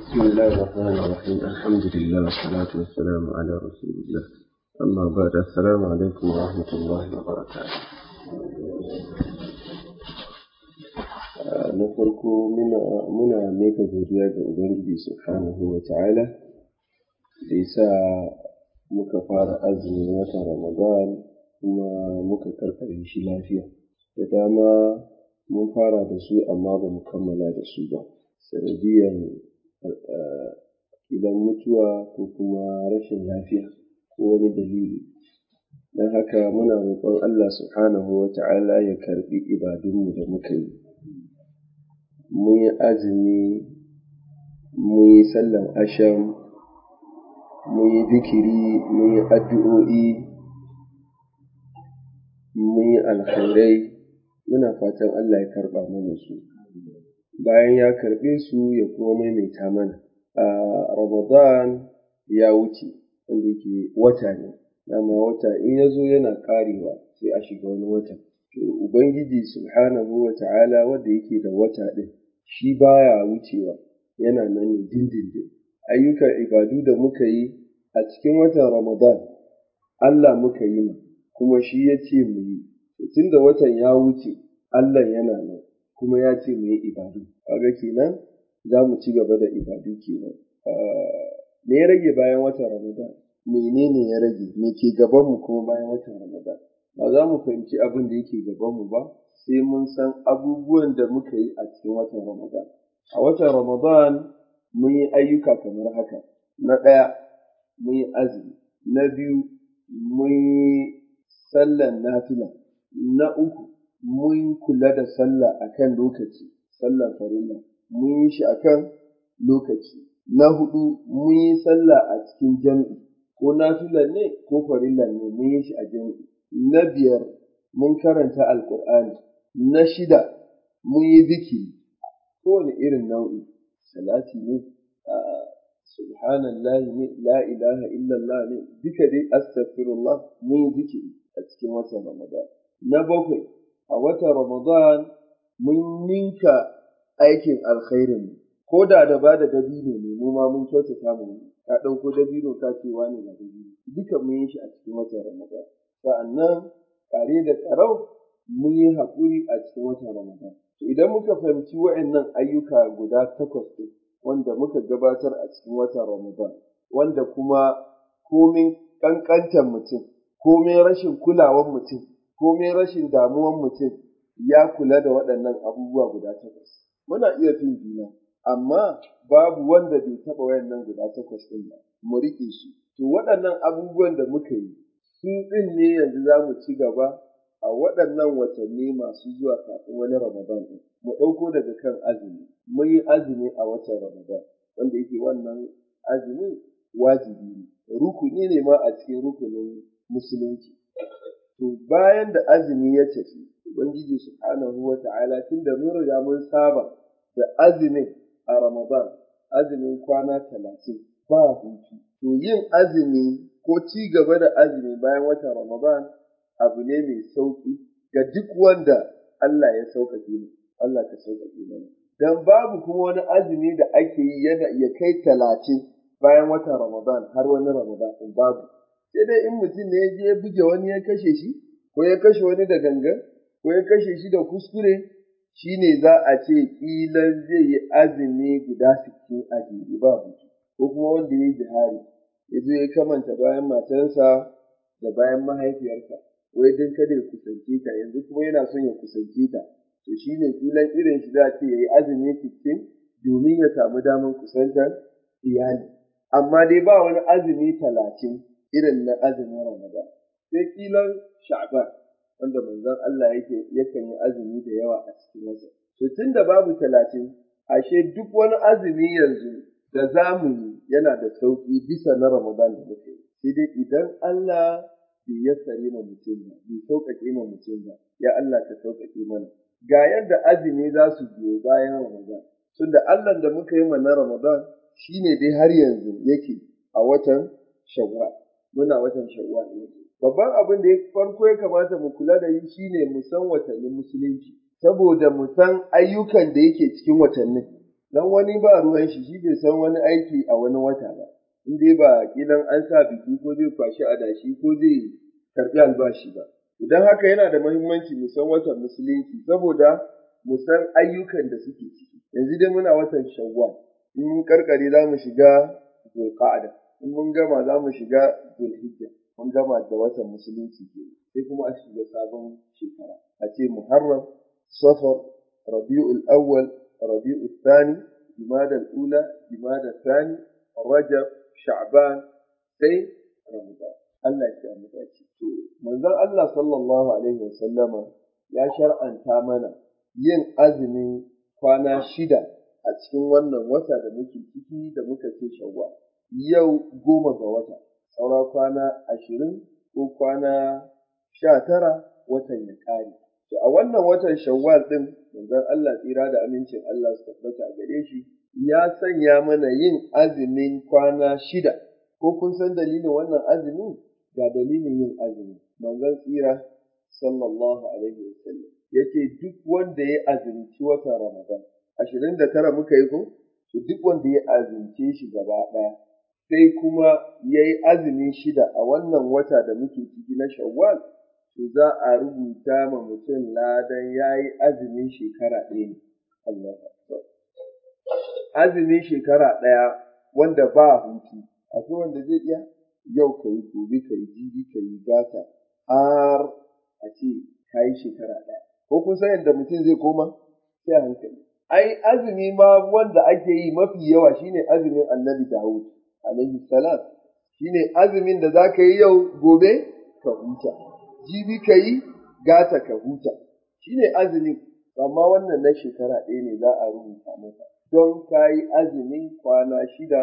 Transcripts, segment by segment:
بسم الله الرحمن الرحيم الحمد لله والصلاة والسلام على رسول الله أما بعد السلام عليكم ورحمة الله وبركاته na farko muna mika godiya ga ubangiji subhanahu wa ta'ala da sa muka fara azumin watan ramadan kuma muka karkare shi lafiya da dama mun fara da su amma ba mu kammala da su ba sanadiyan eh, idan mutuwa ko kuma rashin lafiya ko wani dalili don haka muna roƙon Allah subhanahu wa ta'ala ya karɓi ibadunmu da muka yi mun yi azumi mun yi sallar asham mun yi zikiri mun yi addu'o'i mun yi alkhairai muna fatan Allah ya karɓa mana su bayan ya karɓe su ya kuma maimaita mana. A Ramadan ya wuce, wanda yake wata ne, dama wata in ya zo yana ƙarewa sai a shiga wani wata. To Ubangiji subhanahu wa ta'ala wanda yake da wata ɗin, shi baya wucewa, yana nan ne dindindin. Ayyukan ibadu da muka yi a cikin watan Ramadan, Allah muka yi ma, kuma shi ya ce mu yi, tunda watan ya wuce, Allah yana nan. kuma ya ce mu yi ibadu kaga kenan za mu ci gaba da ibadu kenan ah, me ya rage bayan watan ramadan menene ya rage me ke gaban mu kuma bayan watan ramadan ba za mu fahimci abin da yake gaban mu ba sai mun san abubuwan da muka yi a cikin watan ramadan a watan ramadan mun yi ayyuka kamar haka na ɗaya mun yi azumi na biyu mun yi sallan nafila na uku mun kula da sallah akan lokaci, sallar farilla, mun yi shi akan lokaci. Na huɗu mun yi sallah a cikin jam'i, ko nafila ne ko farilla ne mun yi shi a jam'i. Na biyar mun karanta Alƙur'ani. Na shida mun yi zikiri, kowane irin nau'i, salati ne, subhanallah ne, la ilaha illallah ne, duka dai astaghfirullah mun yi zikiri a cikin watan Ramadan. Na bakwai a watan Ramadan mun ninka aikin alkhairin mu ko da da ba da dabino ne mu ma mun kyautata mu ka ɗauko dabino ka ce wane na dabino duka mun yi shi a cikin watan Ramadan sa'annan tare da tsarau mun yi haƙuri a cikin watan Ramadan idan muka fahimci wayannan ayyuka guda takwas ɗin wanda muka gabatar a cikin watan Ramadan wanda kuma komin ƙanƙantan mutum komin rashin kulawan mutum komai rashin damuwan mutum ya kula da waɗannan abubuwa guda takwas. Muna iya fin juna, amma babu wanda bai taɓa wayannan guda takwas ɗin ba, mu riƙe su. To waɗannan abubuwan da muka yi, su ɗin ne yanzu za mu ci gaba a waɗannan watanni masu zuwa kafin wani Ramadan ɗin. Mu ɗauko daga kan azumi, mun yi azumi a watan Ramadan, wanda yake wannan azumin wajibi ne, rukuni ne ma a cikin rukunin musulunci. To bayan da azumi ya tafi, Ubangiji Subhanahu wa ta'ala tun da mun riga mun saba da azumin a Ramadan, azumin kwana talatin ba hutu. To yin azumi ko ci gaba da azumi bayan watan Ramadan abu ne mai sauƙi ga duk wanda Allah ya sauƙaƙe mu. Allah ka sauƙaƙe mana. Dan babu kuma wani azumi da ake yi yana ya kai talatin bayan watan Ramadan har wani Ramadan babu. sai dai in mutum ne ya je ya buge wani ya kashe shi ko ya kashe wani da gangan ko ya kashe shi da kuskure shi ne za a ce ƙilan zai yi azumi guda sittin a jere ba ko kuma wanda ya yi jihari ya zo ya kamanta bayan matarsa da bayan mahaifiyarsa wai don kada ya kusance ta yanzu kuma yana son ya kusance ta to shi ne ƙilan irin shi za a ce ya yi azumi sittin domin ya samu damar kusantar iyali amma dai ba wani azumi talatin irin na azumin Ramadan sai kilan Sha'ban wanda manzon Allah yake yakan yi azumi da yawa a cikin wata to tunda babu talatin ashe duk wani azumi yanzu da zamu yi yana da sauki bisa na Ramadan da muke sai dai idan Allah bai yassare ma mutum ba bai sauƙaƙe ma mutum ba ya Allah ka sauƙaƙe mana ga yadda azumi za su biyo bayan Ramadan tunda Allah da muka yi ma na Ramadan shine dai har yanzu yake a watan Shawwal muna watan shawwal ne. babban abin da farko ya kamata mu kula da shi shine mu san watannin musulunci saboda mu san ayyukan da yake cikin watannin dan wani ba ruwan shi shi bai san wani aiki a wani wata ba in dai ba gidan an sa biki ko zai kwashi adashi ko zai karbi albashi ba idan haka yana da muhimmanci mu san watan musulunci saboda mu san ayyukan da suke ciki yanzu dai muna watan shawwal in karkare za mu shiga da. in mun gama za mu shiga zulhijja mun gama da watan musulunci kenan sai kuma a shiga sabon shekara a ce muharram safar rabi'ul awwal rabi'ul thani jumada ula jumada thani rajab sha'ban sai ramadan Allah ya samu dace to manzon Allah sallallahu alaihi wasallama ya shar'anta mana yin azumin kwana shida a cikin wannan wata da muke ciki da muka ce shawwal yau goma ga wata saura kwana ashirin ko kwana sha tara watan ya ƙare. To a wannan watan Shawwal ɗin manzon Allah tsira da amincin Allah su tabbata a gare shi ya sanya mana yin azumin kwana shida. Ko kun san dalilin wannan azumin? Ga dalilin yin azumi. Manzon tsira sallallahu alaihi Ya ce duk wanda ya azumci watan Ramadan ashirin da tara muka yi ko? To duk wanda ya azumce shi gaba ɗaya sai kuma ya yi azumi shida a wannan wata da muke ciki na Shawwal, to za a rubuta ma mutum ladan ya yi azumin shekara ɗaya ne. Allah Azumin shekara ɗaya wanda ba hutu, akwai wanda zai iya yau ka yi gobe ka yi jibi ka yi gata har a ce ka yi shekara ɗaya. Ko kun san yadda mutum zai koma? Sai hankali. Ai azumi ma wanda ake yi mafi yawa shine azumin Annabi Dawud. alaihi salam shine azumin da za ka yi yau gobe ka huta jibi ka yi gata ka huta shine azumin amma wannan na shekara ɗaya ne za a rubuta maka don ka yi azumin kwana shida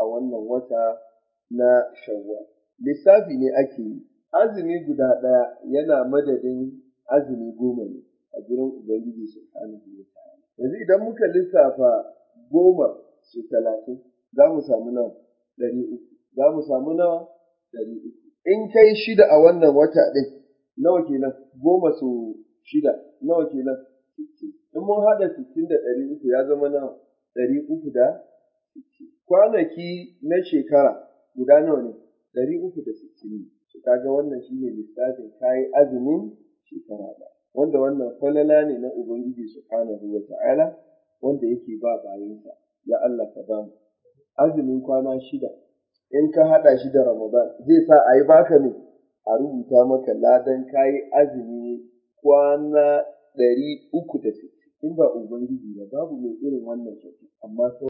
a wannan wata na shawwal lissafi ne ake yi azumi guda ɗaya yana madadin azumi goma ne a gurin ubangiji subhanahu wa ta'ala yanzu idan muka lissafa goma su talatin za mu samu nan ɗari uku, za mu samu nawa ɗari uku. In kai shida a wannan wata ɗin, nawa kenan goma su shida, nawa kenan sittin. In mun haɗa sittin da ɗari uku ya zama nawa ɗari uku da sittin. Kwanaki na shekara guda nawa ne? Ɗari uku da sittin ne. To kaga wannan shine lissafin kayi azumin shekara ɗaya. Wanda wannan falala ne na Ubangiji Subhanahu wa ta'ala wanda yake ba bayansa. Ya Allah ka ba azumin kwana shida in ka haɗa shi da Ramadan zai sa a yi baka ne a rubuta maka ladan yi azumi kwana ɗari uku da sittin in ba Ubangiji ba babu mai irin wannan kyauta amma